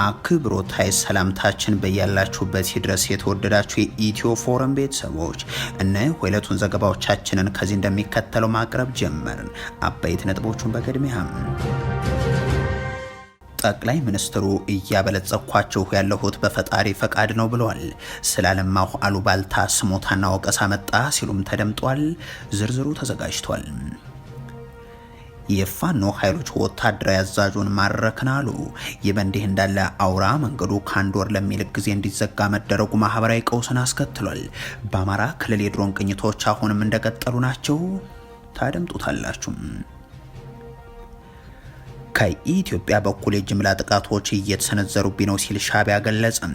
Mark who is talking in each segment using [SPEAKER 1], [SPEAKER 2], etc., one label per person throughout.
[SPEAKER 1] አክብሮታይ ሰላምታችን በያላችሁበት ይድረስ። የተወደዳችሁ የኢትዮ ፎረም ቤተሰቦች እነ ሁለቱን ዘገባዎቻችንን ከዚህ እንደሚከተለው ማቅረብ ጀመርን። አበይት ነጥቦቹን በቅድሚያ ጠቅላይ ሚኒስትሩ እያበለጸኳችሁ ያለሁት በፈጣሪ ፈቃድ ነው ብለዋል። ስላለማሁ አሉባልታ ስሞታና ወቀሳ መጣ ሲሉም ተደምጧል። ዝርዝሩ ተዘጋጅቷል። የፋኖ ኃይሎች ወታደራዊ አዛዡን ማረክን አሉ። ይህ በእንዲህ እንዳለ አውራ መንገዱ ከአንድ ወር ለሚልቅ ጊዜ እንዲዘጋ መደረጉ ማህበራዊ ቀውስን አስከትሏል። በአማራ ክልል የድሮን ቅኝቶች አሁንም እንደቀጠሉ ናቸው። ታደምጡታላችሁ። ከኢትዮጵያ በኩል የጅምላ ጥቃቶች እየተሰነዘሩብኝ ነው ሲል ሻዕቢያ ገለጸም።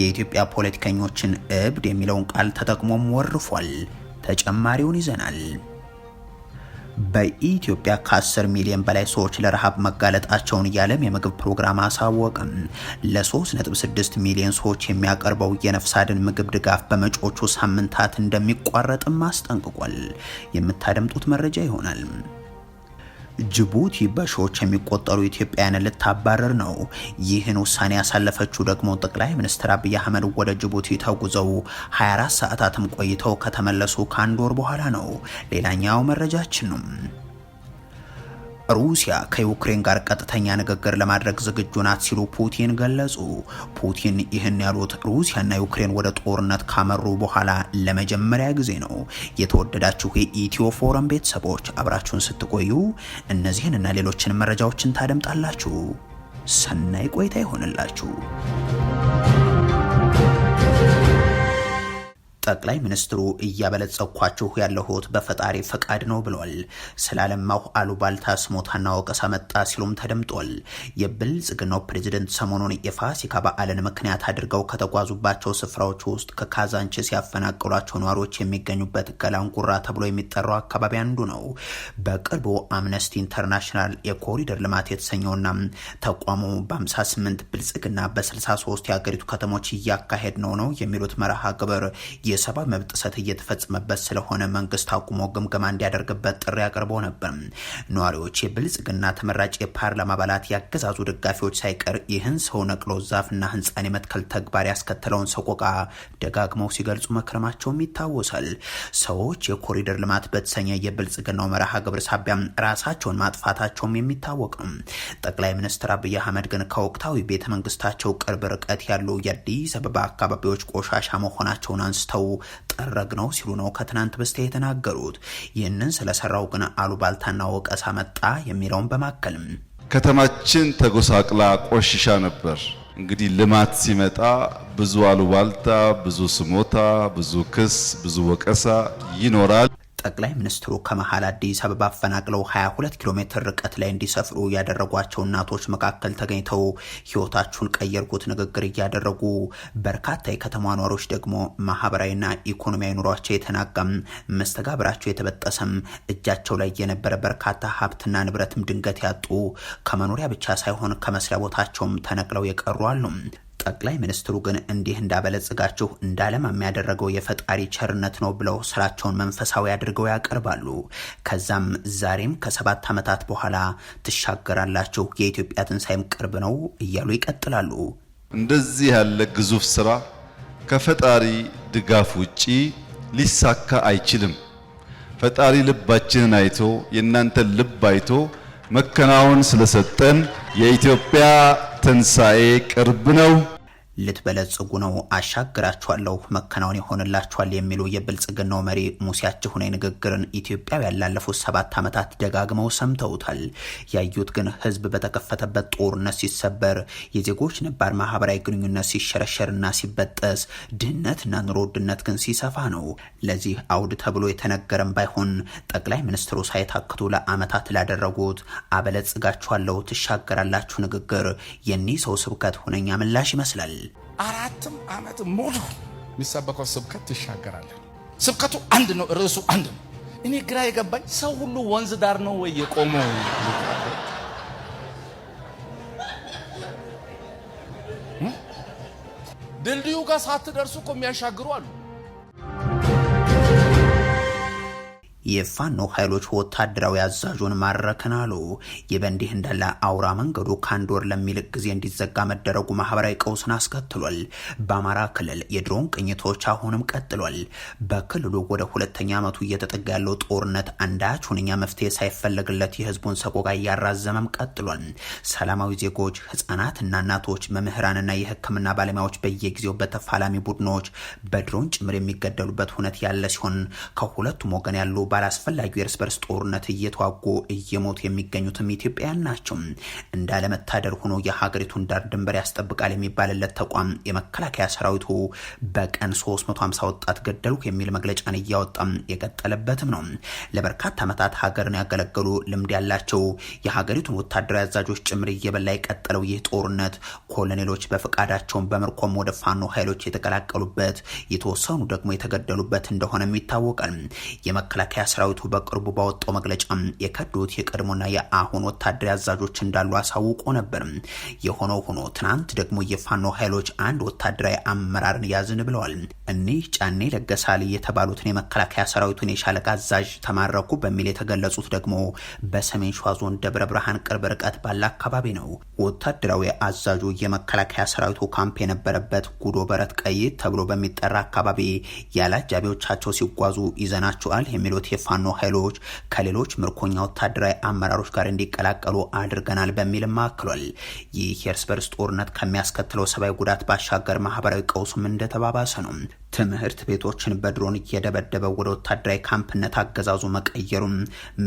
[SPEAKER 1] የኢትዮጵያ ፖለቲከኞችን እብድ የሚለውን ቃል ተጠቅሞም ወርፏል። ተጨማሪውን ይዘናል። በኢትዮጵያ ከ10 ሚሊዮን በላይ ሰዎች ለረሃብ መጋለጣቸውን የዓለም የምግብ ፕሮግራም አሳወቀ። ለ3.6 ሚሊዮን ሰዎች የሚያቀርበው የነፍስ አድን ምግብ ድጋፍ በመጪዎቹ ሳምንታት እንደሚቋረጥም አስጠንቅቋል። የምታደምጡት መረጃ ይሆናል። ጅቡቲ በሺዎች የሚቆጠሩ ኢትዮጵያውያን ልታባረር ነው። ይህን ውሳኔ ያሳለፈችው ደግሞ ጠቅላይ ሚኒስትር አብይ አህመድ ወደ ጅቡቲ ተጉዘው 24 ሰዓታትም ቆይተው ከተመለሱ ከአንድ ወር በኋላ ነው። ሌላኛው መረጃችን ነው። ሩሲያ ከዩክሬን ጋር ቀጥተኛ ንግግር ለማድረግ ዝግጁ ናት ሲሉ ፑቲን ገለጹ። ፑቲን ይህን ያሉት ሩሲያና ዩክሬን ወደ ጦርነት ካመሩ በኋላ ለመጀመሪያ ጊዜ ነው። የተወደዳችሁ የኢትዮ ፎረም ቤተሰቦች አብራችሁን ስትቆዩ እነዚህን እና ሌሎችን መረጃዎችን ታደምጣላችሁ። ሰናይ ቆይታ ይሆንላችሁ። ጠቅላይ ሚኒስትሩ እያበለጸኳችሁ ያለሁት በፈጣሪ ፈቃድ ነው ብሏል። ስላለማሁ አሉባልታ ስሞታና ወቀሳ መጣ ሲሉም ተደምጧል። የብልጽግናው ፕሬዚደንት ሰሞኑን የፋሲካ በዓልን ምክንያት አድርገው ከተጓዙባቸው ስፍራዎች ውስጥ ከካዛንቺስ ያፈናቀሏቸው ነዋሪዎች የሚገኙበት ገላንጉራ ተብሎ የሚጠራው አካባቢ አንዱ ነው። በቅርቡ አምነስቲ ኢንተርናሽናል የኮሪደር ልማት የተሰኘውና ተቋሙ በ58 ብልጽግና በ63 የአገሪቱ ከተሞች እያካሄድ ነው ነው የሚሉት መርሃ ግብር የሰብአዊ መብት ጥሰት እየተፈጸመበት ስለሆነ መንግስት አቁሞ ግምገማ እንዲያደርግበት ጥሪ አቅርቦ ነበር። ነዋሪዎች፣ የብልጽግና ተመራጭ የፓርላማ አባላት፣ ያገዛዙ ደጋፊዎች ሳይቀር ይህን ሰው ነቅሎ ዛፍና ህንፃን የመትከል ተግባር ያስከተለውን ሰቆቃ ደጋግመው ሲገልጹ መክረማቸውም ይታወሳል። ሰዎች የኮሪደር ልማት በተሰኘ የብልጽግናው መርሃ ግብር ሳቢያ ራሳቸውን ማጥፋታቸውም የሚታወቅ ነው። ጠቅላይ ሚኒስትር አብይ አህመድ ግን ከወቅታዊ ቤተ መንግስታቸው ቅርብ ርቀት ያሉ የአዲስ አበባ አካባቢዎች ቆሻሻ መሆናቸውን አንስተው ጠረግ ነው ሲሉ ነው ከትናንት በስቲያ የተናገሩት። ይህንን ስለሰራው ግን አሉባልታና ወቀሳ መጣ የሚለውን በማከልም
[SPEAKER 2] ከተማችን ተጎሳቅላ ቆሽሻ ነበር። እንግዲህ ልማት ሲመጣ ብዙ አሉባልታ፣ ብዙ ስሞታ፣ ብዙ ክስ፣ ብዙ ወቀሳ ይኖራል።
[SPEAKER 1] ጠቅላይ ሚኒስትሩ ከመሀል አዲስ አበባ አፈናቅለው 22 ኪሎ ሜትር ርቀት ላይ እንዲሰፍሩ ያደረጓቸው እናቶች መካከል ተገኝተው ህይወታችሁን ቀየርኩት ንግግር እያደረጉ በርካታ የከተማ ኗሪዎች ደግሞ ማህበራዊና ኢኮኖሚያዊ ኑሯቸው የተናጋም መስተጋብራቸው የተበጠሰም እጃቸው ላይ የነበረ በርካታ ሀብትና ንብረትም ድንገት ያጡ ከመኖሪያ ብቻ ሳይሆን ከመስሪያ ቦታቸውም ተነቅለው የቀሩ አሉ። ጠቅላይ ሚኒስትሩ ግን እንዲህ እንዳበለጽጋችሁ እንዳለማም የሚያደረገው የፈጣሪ ቸርነት ነው ብለው ስራቸውን መንፈሳዊ አድርገው ያቀርባሉ። ከዛም ዛሬም ከሰባት ዓመታት በኋላ ትሻገራላችሁ፣ የኢትዮጵያ ትንሣኤም ቅርብ ነው እያሉ ይቀጥላሉ።
[SPEAKER 2] እንደዚህ ያለ ግዙፍ ስራ ከፈጣሪ ድጋፍ ውጪ ሊሳካ አይችልም። ፈጣሪ ልባችንን አይቶ የእናንተን ልብ አይቶ መከናወን ስለሰጠን የኢትዮጵያ ትንሣኤ ቅርብ ነው።
[SPEAKER 1] ልትበለጽጉ ነው፣ አሻግራችኋለሁ፣ መከናወን ይሆንላችኋል የሚሉ የብልጽግናው መሪ ሙሴያችሁ ነኝ ንግግርን ኢትዮጵያውያን ላለፉት ሰባት ዓመታት ደጋግመው ሰምተውታል። ያዩት ግን ህዝብ በተከፈተበት ጦርነት ሲሰበር፣ የዜጎች ነባር ማህበራዊ ግንኙነት ሲሸረሸርና ሲበጠስ፣ ድህነትና ኑሮ ውድነት ግን ሲሰፋ ነው። ለዚህ አውድ ተብሎ የተነገረም ባይሆን ጠቅላይ ሚኒስትሩ ሳይታክቱ ለዓመታት ላደረጉት አበለጽጋችኋለሁ፣ ትሻገራላችሁ ንግግር የኒህ ሰው ስብከት ሁነኛ ምላሽ ይመስላል።
[SPEAKER 3] አራትም ዓመት ሙሉ የሚሰበከው ስብከት ትሻገራለን። ስብከቱ አንድ ነው፣ ርዕሱ አንድ ነው። እኔ ግራ የገባኝ ሰው ሁሉ ወንዝ ዳር ነው ወይ የቆመው? ድልድዩ ጋር ሳትደርሱ እኮ የሚያሻግሩ አሉ።
[SPEAKER 1] የፋኖ ኃይሎች ወታደራዊ አዛዡን ማረክን አሉ። ይህ በእንዲህ እንዳለ አውራ መንገዱ ከአንድ ወር ለሚልቅ ጊዜ እንዲዘጋ መደረጉ ማህበራዊ ቀውስን አስከትሏል። በአማራ ክልል የድሮን ቅኝቶች አሁንም ቀጥሏል። በክልሉ ወደ ሁለተኛ ዓመቱ እየተጠጋ ያለው ጦርነት አንዳች ሁነኛ መፍትሄ ሳይፈለግለት የህዝቡን ሰቆቃ እያራዘመም ቀጥሏል። ሰላማዊ ዜጎች፣ ህጻናትና እናቶች፣ መምህራንና የህክምና ባለሙያዎች በየጊዜው በተፋላሚ ቡድኖች በድሮን ጭምር የሚገደሉበት ሁነት ያለ ሲሆን ከሁለቱም ወገን ያሉ አስፈላጊው የእርስ በርስ ጦርነት እየተዋጉ እየሞቱ የሚገኙትም ኢትዮጵያውያን ናቸው። እንዳለመታደር ሆኖ የሀገሪቱን ዳር ድንበር ያስጠብቃል የሚባልለት ተቋም የመከላከያ ሰራዊቱ በቀን 350 ወጣት ገደሉ የሚል መግለጫን እያወጣም የቀጠለበትም ነው። ለበርካታ ዓመታት ሀገርን ያገለገሉ ልምድ ያላቸው የሀገሪቱን ወታደራዊ አዛዦች ጭምር እየበላ የቀጠለው ይህ ጦርነት ኮሎኔሎች በፈቃዳቸውን በምርኮም ወደ ፋኖ ኃይሎች የተቀላቀሉበት የተወሰኑ ደግሞ የተገደሉበት እንደሆነም ይታወቃል። የመከላከያ ሰራዊቱ በቅርቡ ባወጣው መግለጫ የከዱት የቀድሞና የአሁን ወታደር አዛዦች እንዳሉ አሳውቆ ነበር። የሆነ ሆኖ ትናንት ደግሞ የፋኖ ኃይሎች አንድ ወታደራዊ አመራርን ያዝን ብለዋል። እኒህ ጫኔ ለገሳል የተባሉትን የመከላከያ ሰራዊቱን የሻለቃ አዛዥ ተማረኩ በሚል የተገለጹት ደግሞ በሰሜን ሸዋ ዞን ደብረ ብርሃን ቅርብ ርቀት ባለ አካባቢ ነው። ወታደራዊ አዛዡ የመከላከያ ሰራዊቱ ካምፕ የነበረበት ጉዶ በረት ቀይ ተብሎ በሚጠራ አካባቢ ያለ አጃቢዎቻቸው ሲጓዙ ይዘናቸዋል የሚሉት የፋኖ ኃይሎች ከሌሎች ምርኮኛ ወታደራዊ አመራሮች ጋር እንዲቀላቀሉ አድርገናል በሚልም አክሏል። ይህ የእርስ በርስ ጦርነት ከሚያስከትለው ሰብአዊ ጉዳት ባሻገር ማህበራዊ ቀውሱም እንደተባባሰ ነው። ትምህርት ቤቶችን በድሮን እየደበደበ ወደ ወታደራዊ ካምፕነት አገዛዙ መቀየሩም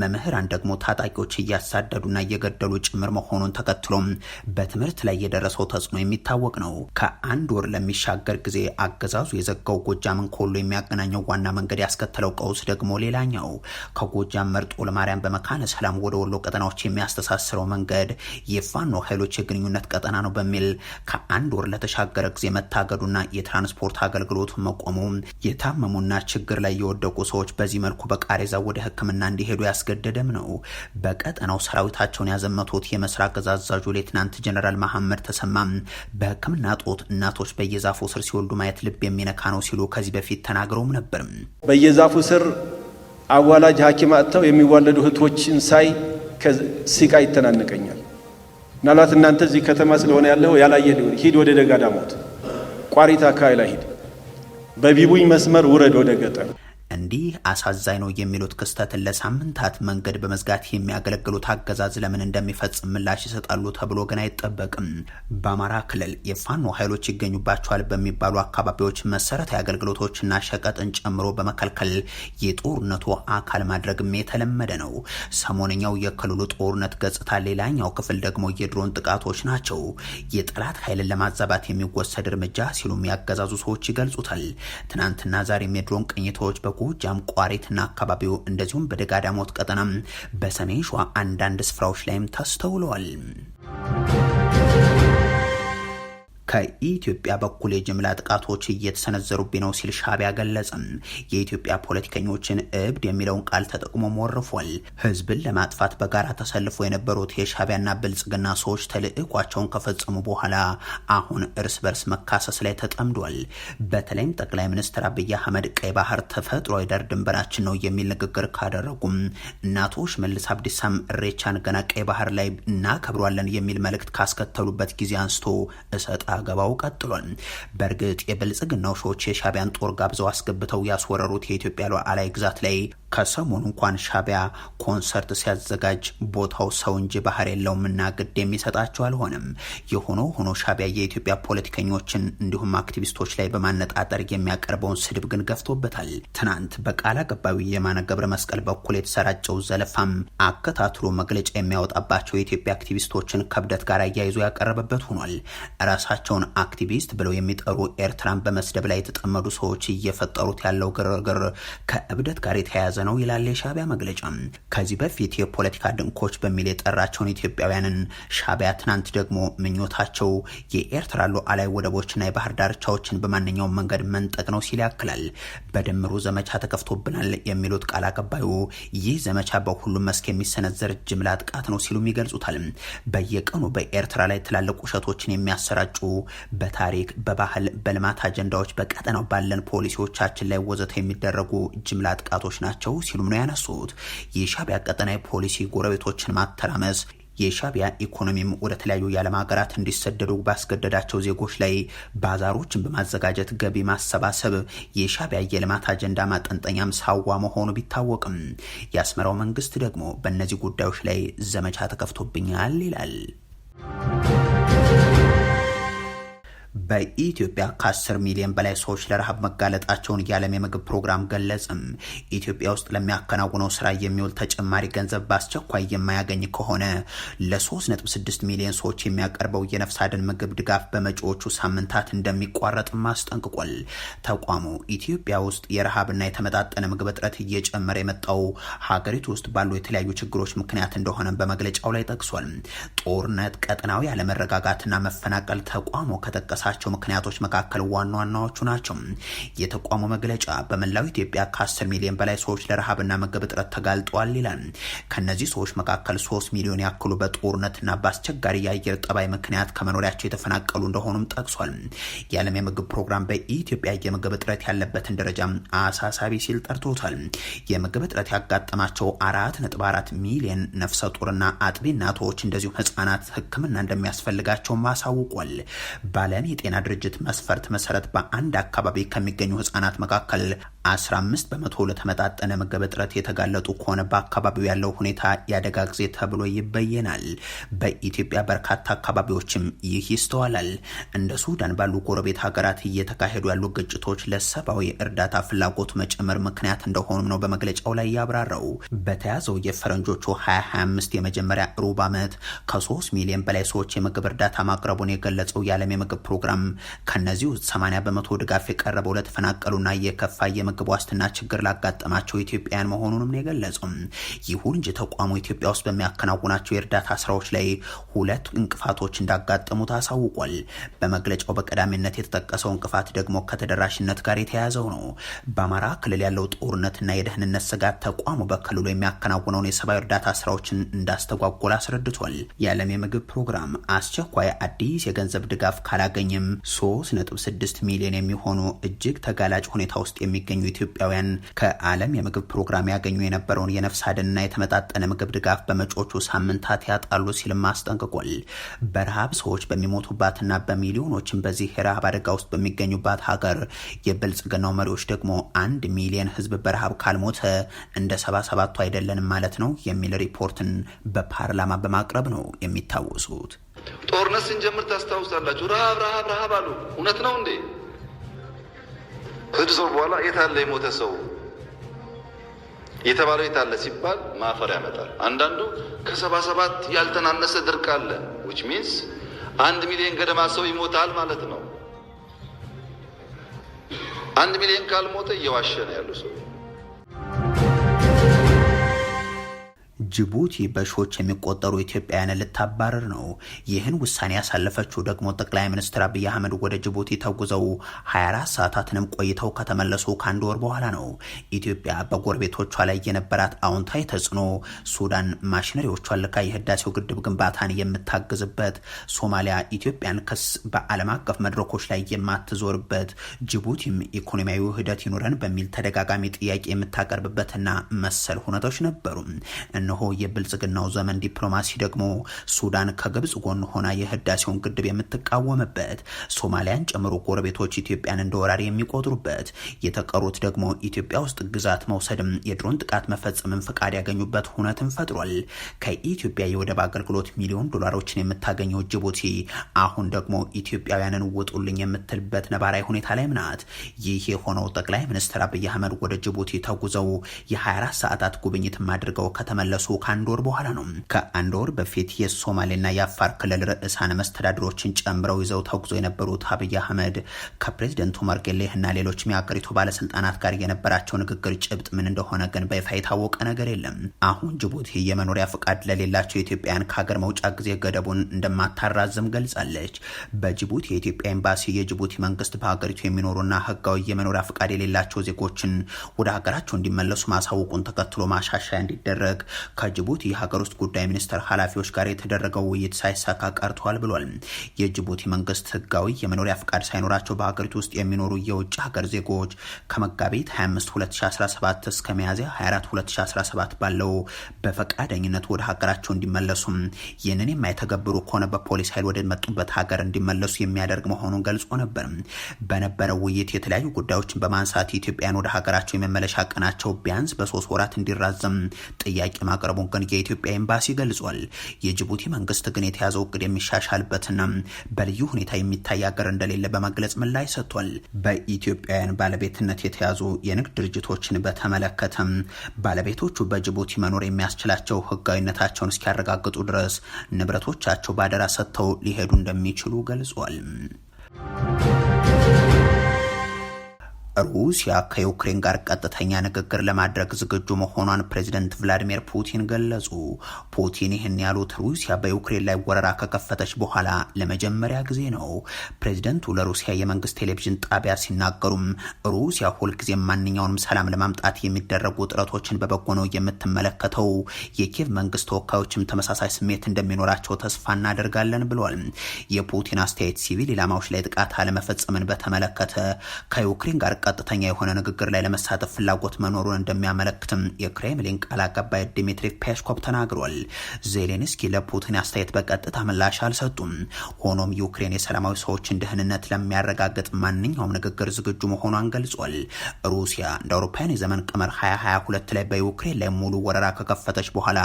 [SPEAKER 1] መምህራን ደግሞ ታጣቂዎች እያሳደዱና እየገደሉ ጭምር መሆኑን ተከትሎም በትምህርት ላይ የደረሰው ተጽዕኖ የሚታወቅ ነው። ከአንድ ወር ለሚሻገር ጊዜ አገዛዙ የዘጋው ጎጃምን ከወሎ የሚያገናኘው ዋና መንገድ ያስከተለው ቀውስ ደግሞ ሌላኛው ከጎጃም መርጦ ለማርያም በመካነ ሰላም ወደ ወሎ ቀጠናዎች የሚያስተሳስረው መንገድ የፋኖ ኃይሎች የግንኙነት ቀጠና ነው በሚል ከአንድ ወር ለተሻገረ ጊዜ መታገዱና የትራንስፖርት አገልግሎት ማቆሙ የታመሙና ችግር ላይ የወደቁ ሰዎች በዚህ መልኩ በቃሬዛ ወደ ሕክምና እንዲሄዱ ያስገደደም ነው። በቀጠናው ሰራዊታቸውን ያዘመቱት የምስራቅ እዝ አዛዡ ሌትናንት ጀነራል መሐመድ ተሰማ በሕክምና ጦት እናቶች በየዛፉ ስር ሲወልዱ ማየት ልብ የሚነካ ነው ሲሉ ከዚህ በፊት ተናግረውም ነበር። በየዛፉ ስር አዋላጅ ሐኪም አጥተው የሚዋለዱ እህቶችን ሳይ ሲቃ ይተናነቀኛል። ምናልባት እናንተ እዚህ ከተማ ስለሆነ ያለው ያላየ ሂድ ወደ ደጋ ዳሞት ቋሪት አካባቢ ላይ ሂድ በቢቡኝ መስመር ውረድ ወደ ገጠር እንዲህ አሳዛኝ ነው የሚሉት ክስተትን ለሳምንታት መንገድ በመዝጋት የሚያገለግሉት አገዛዝ ለምን እንደሚፈጽም ምላሽ ይሰጣሉ ተብሎ ግን አይጠበቅም። በአማራ ክልል የፋኖ ኃይሎች ይገኙባቸዋል በሚባሉ አካባቢዎች መሰረታዊ አገልግሎቶችና ሸቀጥን ጨምሮ በመከልከል የጦርነቱ አካል ማድረግም የተለመደ ነው። ሰሞነኛው የክልሉ ጦርነት ገጽታ ሌላኛው ክፍል ደግሞ የድሮን ጥቃቶች ናቸው። የጠላት ኃይልን ለማዛባት የሚወሰድ እርምጃ ሲሉም ያገዛዙ ሰዎች ይገልጹታል። ትናንትና ዛሬም የድሮን ቅኝቶች በጎ በጎጃም ቋሪትና አካባቢው እንደዚሁም በደጋ ዳሞት ቀጠና በሰሜን ሸዋ አንዳንድ ስፍራዎች ላይም ተስተውለዋል። ከኢትዮጵያ በኩል የጅምላ ጥቃቶች እየተሰነዘሩብኝ ነው ሲል ሻቢያ ገለጸም። የኢትዮጵያ ፖለቲከኞችን እብድ የሚለውን ቃል ተጠቅሞ ወርፏል። ህዝብን ለማጥፋት በጋራ ተሰልፎ የነበሩት የሻቢያና ብልጽግና ሰዎች ተልዕኳቸውን ከፈጸሙ በኋላ አሁን እርስ በርስ መካሰስ ላይ ተጠምዷል። በተለይም ጠቅላይ ሚኒስትር አብይ አህመድ ቀይ ባህር ተፈጥሮ የዳር ድንበራችን ነው የሚል ንግግር ካደረጉም እና መልስ ሽመልስ አብዲሳም እሬቻን ገና ቀይ ባህር ላይ እናከብሯለን የሚል መልእክት ካስከተሉበት ጊዜ አንስቶ እሰጣ አገባው ቀጥሏል። በእርግጥ የብልጽግናው ሾች የሻቢያን ጦር ጋብዘው አስገብተው ያስወረሩት የኢትዮጵያ ሉዓላዊ ግዛት ላይ ከሰሞኑ እንኳን ሻቢያ ኮንሰርት ሲያዘጋጅ ቦታው ሰው እንጂ ባህር የለውምና ግድ የሚሰጣቸው አልሆነም። የሆኖ ሆኖ ሻቢያ የኢትዮጵያ ፖለቲከኞችን እንዲሁም አክቲቪስቶች ላይ በማነጣጠር የሚያቀርበውን ስድብ ግን ገፍቶበታል። ትናንት በቃል አቀባዩ የማነ ገብረ መስቀል በኩል የተሰራጨው ዘለፋም አከታትሎ መግለጫ የሚያወጣባቸው የኢትዮጵያ አክቲቪስቶችን ከብደት ጋር አያይዞ ያቀረበበት ሆኗል። ራሳቸው ራሳቸውን አክቲቪስት ብለው የሚጠሩ ኤርትራን በመስደብ ላይ የተጠመዱ ሰዎች እየፈጠሩት ያለው ግርግር ከእብደት ጋር የተያያዘ ነው ይላል የሻቢያ መግለጫ። ከዚህ በፊት የፖለቲካ ድንኮች በሚል የጠራቸውን ኢትዮጵያውያንን ሻቢያ ትናንት ደግሞ ምኞታቸው የኤርትራ ሉዓላዊ ወደቦችና የባህር ዳርቻዎችን በማንኛውም መንገድ መንጠቅ ነው ሲል ያክላል። በድምሩ ዘመቻ ተከፍቶብናል የሚሉት ቃል አቀባዩ ይህ ዘመቻ በሁሉም መስክ የሚሰነዘር ጅምላ ጥቃት ነው ሲሉም ይገልጹታል። በየቀኑ በኤርትራ ላይ ትላልቅ ውሸቶችን የሚያሰራጩ በታሪክ በባህል በልማት አጀንዳዎች በቀጠናው ባለን ፖሊሲዎቻችን ላይ ወዘተ የሚደረጉ ጅምላ ጥቃቶች ናቸው ሲሉም ነው ያነሱት። የሻዕቢያ ቀጠና ፖሊሲ ጎረቤቶችን ማተራመስ የሻዕቢያ ኢኮኖሚም ወደ ተለያዩ የዓለም ሀገራት እንዲሰደዱ ባስገደዳቸው ዜጎች ላይ ባዛሮችን በማዘጋጀት ገቢ ማሰባሰብ የሻዕቢያ የልማት አጀንዳ ማጠንጠኛም ሳዋ መሆኑ ቢታወቅም የአስመራው መንግስት ደግሞ በእነዚህ ጉዳዮች ላይ ዘመቻ ተከፍቶብኛል ይላል። በኢትዮጵያ ከ10 ሚሊዮን በላይ ሰዎች ለረሃብ መጋለጣቸውን የዓለም የምግብ ፕሮግራም ገለጽም። ኢትዮጵያ ውስጥ ለሚያከናውነው ስራ የሚውል ተጨማሪ ገንዘብ በአስቸኳይ የማያገኝ ከሆነ ለ3.6 ሚሊዮን ሰዎች የሚያቀርበው የነፍስ አድን ምግብ ድጋፍ በመጪዎቹ ሳምንታት እንደሚቋረጥም አስጠንቅቋል። ተቋሙ ኢትዮጵያ ውስጥ የረሃብና የተመጣጠነ ምግብ እጥረት እየጨመረ የመጣው ሀገሪቱ ውስጥ ባሉ የተለያዩ ችግሮች ምክንያት እንደሆነ በመግለጫው ላይ ጠቅሷል። ጦርነት፣ ቀጠናዊ አለመረጋጋትና መፈናቀል ተቋሙ ከጠቀሳ ከጠቀሳቸው ምክንያቶች መካከል ዋና ዋናዎቹ ናቸው። የተቋሙ መግለጫ በመላው ኢትዮጵያ ከ10 ሚሊዮን በላይ ሰዎች ለረሃብና ምግብ እጥረት ተጋልጧል ይላል። ከነዚህ ሰዎች መካከል 3 ሚሊዮን ያክሉ በጦርነትና በአስቸጋሪ የአየር ጠባይ ምክንያት ከመኖሪያቸው የተፈናቀሉ እንደሆኑም ጠቅሷል። የዓለም የምግብ ፕሮግራም በኢትዮጵያ የምግብ እጥረት ያለበትን ደረጃ አሳሳቢ ሲል ጠርቶታል። የምግብ እጥረት ያጋጠማቸው አራት ነጥብ አራት ሚሊዮን ነፍሰ ጡርና አጥቢ እናቶች እንደዚሁም ህጻናት ህክምና እንደሚያስፈልጋቸውም አሳውቋል። በዓለም የጤና ድርጅት መስፈርት መሰረት በአንድ አካባቢ ከሚገኙ ህጻናት መካከል 15 በመቶ ለተመጣጠነ ምግብ እጥረት የተጋለጡ ከሆነ በአካባቢው ያለው ሁኔታ የአደጋ ጊዜ ተብሎ ይበየናል። በኢትዮጵያ በርካታ አካባቢዎችም ይህ ይስተዋላል። እንደ ሱዳን ባሉ ጎረቤት ሀገራት እየተካሄዱ ያሉ ግጭቶች ለሰብአዊ እርዳታ ፍላጎት መጨመር ምክንያት እንደሆኑም ነው በመግለጫው ላይ ያብራራው። በተያዘው የፈረንጆቹ 2025 የመጀመሪያ ሩብ ዓመት ከ3 ሚሊዮን በላይ ሰዎች የምግብ እርዳታ ማቅረቡን የገለጸው የዓለም የምግብ ፕሮግራም ከነዚህ ውስጥ 80 በመቶ ድጋፍ የቀረበው ለተፈናቀሉና የከፋ የምግብ የምግብ ዋስትና ችግር ላጋጠማቸው ኢትዮጵያውያን መሆኑንም ነው የገለጹም። ይሁን እንጂ ተቋሙ ኢትዮጵያ ውስጥ በሚያከናውናቸው የእርዳታ ስራዎች ላይ ሁለት እንቅፋቶች እንዳጋጠሙት አሳውቋል። በመግለጫው በቀዳሚነት የተጠቀሰው እንቅፋት ደግሞ ከተደራሽነት ጋር የተያያዘው ነው። በአማራ ክልል ያለው ጦርነትና የደህንነት ስጋት ተቋሙ በክልሉ የሚያከናውነውን የሰብአዊ እርዳታ ስራዎችን እንዳስተጓጎል አስረድቷል። የዓለም የምግብ ፕሮግራም አስቸኳይ አዲስ የገንዘብ ድጋፍ ካላገኝም 3.6 ሚሊዮን የሚሆኑ እጅግ ተጋላጭ ሁኔታ ውስጥ የሚገኝ የሚገኙ ኢትዮጵያውያን ከዓለም የምግብ ፕሮግራም ያገኙ የነበረውን የነፍስ አድንና የተመጣጠነ ምግብ ድጋፍ በመጪዎቹ ሳምንታት ያጣሉ ሲልም አስጠንቅቋል። በረሃብ ሰዎች በሚሞቱባትና በሚሊዮኖችን በዚህ የረሃብ አደጋ ውስጥ በሚገኙባት ሀገር የብልጽግናው መሪዎች ደግሞ አንድ ሚሊየን ህዝብ በረሃብ ካልሞተ እንደ ሰባ ሰባቱ አይደለንም ማለት ነው የሚል ሪፖርትን በፓርላማ በማቅረብ ነው የሚታወሱት። ጦርነት ስንጀምር ታስታውሳላችሁ፣ ረሃብ ረሃብ ረሃብ አሉ። እውነት ነው እንዴ? ከወደ በኋላ የታለ የሞተ ሰው የተባለው የታለ ሲባል ማፈር ያመጣል። አንዳንዱ ከሰባ ሰባት ያልተናነሰ ድርቅ አለ ዊች ሚንስ አንድ ሚሊዮን ገደማ ሰው ይሞታል ማለት ነው። አንድ ሚሊዮን ካልሞተ እየዋሸ ነው ያሉ ሰው ጅቡቲ በሺዎች የሚቆጠሩ ኢትዮጵያውያን ልታባረር ነው። ይህን ውሳኔ ያሳለፈችው ደግሞ ጠቅላይ ሚኒስትር አብይ አህመድ ወደ ጅቡቲ ተጉዘው 24 ሰዓታትንም ቆይተው ከተመለሱ ከአንድ ወር በኋላ ነው። ኢትዮጵያ በጎረቤቶቿ ላይ የነበራት አዎንታዊ ተጽዕኖ ሱዳን ማሽነሪዎቿን ልካ የህዳሴው ግድብ ግንባታን የምታግዝበት፣ ሶማሊያ ኢትዮጵያን ክስ በዓለም አቀፍ መድረኮች ላይ የማትዞርበት፣ ጅቡቲም ኢኮኖሚያዊ ውህደት ይኑረን በሚል ተደጋጋሚ ጥያቄ የምታቀርብበትና መሰል ሁነቶች ነበሩ። እነሆ የብልጽግናው ዘመን ዲፕሎማሲ ደግሞ ሱዳን ከግብጽ ጎን ሆና የህዳሴውን ግድብ የምትቃወምበት፣ ሶማሊያን ጨምሮ ጎረቤቶች ኢትዮጵያን እንደ ወራሪ የሚቆጥሩበት፣ የተቀሩት ደግሞ ኢትዮጵያ ውስጥ ግዛት መውሰድም የድሮን ጥቃት መፈጸምን ፈቃድ ያገኙበት ሁነትን ፈጥሯል። ከኢትዮጵያ የወደብ አገልግሎት ሚሊዮን ዶላሮችን የምታገኘው ጅቡቲ አሁን ደግሞ ኢትዮጵያውያንን ውጡልኝ የምትልበት ነባራዊ ሁኔታ ላይም ናት። ይህ የሆነው ጠቅላይ ሚኒስትር አብይ አህመድ ወደ ጅቡቲ ተጉዘው የ24 ሰዓታት ጉብኝትም አድርገው ከተመለሱ ከአንድ ወር በኋላ ነው። ከአንድ ወር በፊት የሶማሌና የአፋር ክልል ርዕሳነ መስተዳድሮችን ጨምረው ይዘው ተጉዞ የነበሩት አብይ አህመድ ከፕሬዚደንቱ ኡመር ጌሌህና ሌሎችም የአገሪቱ ባለስልጣናት ጋር የነበራቸው ንግግር ጭብጥ ምን እንደሆነ ግን በይፋ የታወቀ ነገር የለም። አሁን ጅቡቲ የመኖሪያ ፈቃድ ለሌላቸው ኢትዮጵያውያን ከሀገር መውጫ ጊዜ ገደቡን እንደማታራዝም ገልጻለች። በጅቡቲ የኢትዮጵያ ኤምባሲ የጅቡቲ መንግስት በሀገሪቱ የሚኖሩና ህጋዊ የመኖሪያ ፈቃድ የሌላቸው ዜጎችን ወደ ሀገራቸው እንዲመለሱ ማሳወቁን ተከትሎ ማሻሻያ እንዲደረግ ከጅቡቲ የሀገር ውስጥ ጉዳይ ሚኒስቴር ኃላፊዎች ጋር የተደረገው ውይይት ሳይሳካ ቀርቷል ብሏል። የጅቡቲ መንግስት ህጋዊ የመኖሪያ ፍቃድ ሳይኖራቸው በሀገሪቱ ውስጥ የሚኖሩ የውጭ ሀገር ዜጎች ከመጋቢት 25 2017 እስከ ሚያዝያ 24 2017 ባለው በፈቃደኝነት ወደ ሀገራቸው እንዲመለሱም ይህንን የማይተገብሩ ከሆነ በፖሊስ ኃይል ወደ መጡበት ሀገር እንዲመለሱ የሚያደርግ መሆኑን ገልጾ ነበር። በነበረው ውይይት የተለያዩ ጉዳዮችን በማንሳት ኢትዮጵያን ወደ ሀገራቸው የመመለሻ ቀናቸው ቢያንስ በሶስት ወራት እንዲራዘም ጥያቄ ማቅረብ መቅረቡን ግን የኢትዮጵያ ኤምባሲ ገልጿል። የጅቡቲ መንግስት ግን የተያዘው እቅድ የሚሻሻልበትና በልዩ ሁኔታ የሚታይ ሀገር እንደሌለ በመግለጽ ምላሽ ሰጥቷል። በኢትዮጵያውያን ባለቤትነት የተያዙ የንግድ ድርጅቶችን በተመለከተም ባለቤቶቹ በጅቡቲ መኖር የሚያስችላቸው ህጋዊነታቸውን እስኪያረጋግጡ ድረስ ንብረቶቻቸው ባደራ ሰጥተው ሊሄዱ እንደሚችሉ ገልጿል። ሩሲያ ከዩክሬን ጋር ቀጥተኛ ንግግር ለማድረግ ዝግጁ መሆኗን ፕሬዚደንት ቭላዲሚር ፑቲን ገለጹ። ፑቲን ይህን ያሉት ሩሲያ በዩክሬን ላይ ወረራ ከከፈተች በኋላ ለመጀመሪያ ጊዜ ነው። ፕሬዚደንቱ ለሩሲያ የመንግስት ቴሌቪዥን ጣቢያ ሲናገሩም ሩሲያ ሁልጊዜም ማንኛውንም ሰላም ለማምጣት የሚደረጉ ጥረቶችን በበጎ ነው የምትመለከተው። የኪየቭ መንግስት ተወካዮችም ተመሳሳይ ስሜት እንደሚኖራቸው ተስፋ እናደርጋለን ብሏል። የፑቲን አስተያየት ሲቪል ኢላማዎች ላይ ጥቃት አለመፈጸምን በተመለከተ ከዩክሬን ጋር ቀጥተኛ የሆነ ንግግር ላይ ለመሳተፍ ፍላጎት መኖሩን እንደሚያመለክትም የክሬምሊን ቃል አቀባይ ዲሚትሪ ፔስኮቭ ተናግሯል። ዜሌንስኪ ለፑቲን አስተያየት በቀጥታ ምላሽ አልሰጡም። ሆኖም ዩክሬን የሰላማዊ ሰዎችን ደህንነት ለሚያረጋግጥ ማንኛውም ንግግር ዝግጁ መሆኗን ገልጿል። ሩሲያ እንደ አውሮፓውያን የዘመን ቀመር 2022 ላይ በዩክሬን ላይ ሙሉ ወረራ ከከፈተች በኋላ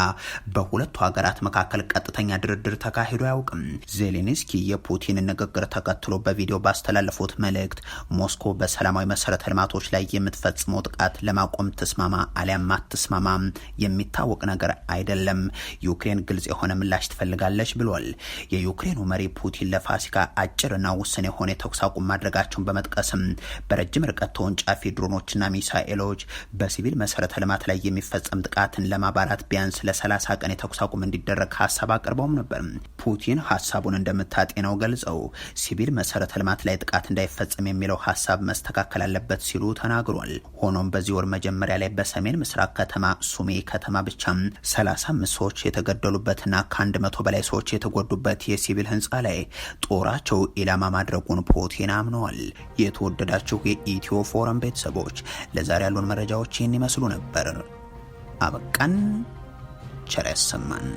[SPEAKER 1] በሁለቱ ሀገራት መካከል ቀጥተኛ ድርድር ተካሂዶ አያውቅም። ዜሌንስኪ የፑቲንን ንግግር ተከትሎ በቪዲዮ ባስተላለፉት መልእክት ሞስኮ በሰላማዊ መሰ መሰረተ ልማቶች ላይ የምትፈጽመው ጥቃት ለማቆም ትስማማ አሊያም አትስማማ የሚታወቅ ነገር አይደለም። ዩክሬን ግልጽ የሆነ ምላሽ ትፈልጋለች ብሏል። የዩክሬኑ መሪ ፑቲን ለፋሲካ አጭርና ውስን የሆነ የተኩስ አቁም ማድረጋቸውን በመጥቀስም በረጅም ርቀት ተወንጫፊ ድሮኖችና ሚሳኤሎች በሲቪል መሰረተ ልማት ላይ የሚፈጸም ጥቃትን ለማባራት ቢያንስ ለ30 ቀን የተኩስ አቁም እንዲደረግ ሀሳብ አቅርበውም ነበር። ፑቲን ሀሳቡን እንደምታጤነው ገልጸው ሲቪል መሰረተ ልማት ላይ ጥቃት እንዳይፈጸም የሚለው ሀሳብ መስተካከላል። አለበት ሲሉ ተናግሯል። ሆኖም በዚህ ወር መጀመሪያ ላይ በሰሜን ምስራቅ ከተማ ሱሜ ከተማ ብቻ 35 ሰዎች የተገደሉበትና ከ100 በላይ ሰዎች የተጎዱበት የሲቪል ህንፃ ላይ ጦራቸው ኢላማ ማድረጉን ፑቲን አምነዋል። የተወደዳችሁ የኢትዮ ፎረም ቤተሰቦች ለዛሬ ያሉን መረጃዎች ይህን ይመስሉ ነበር። አበቃን። ቸር ያሰማን።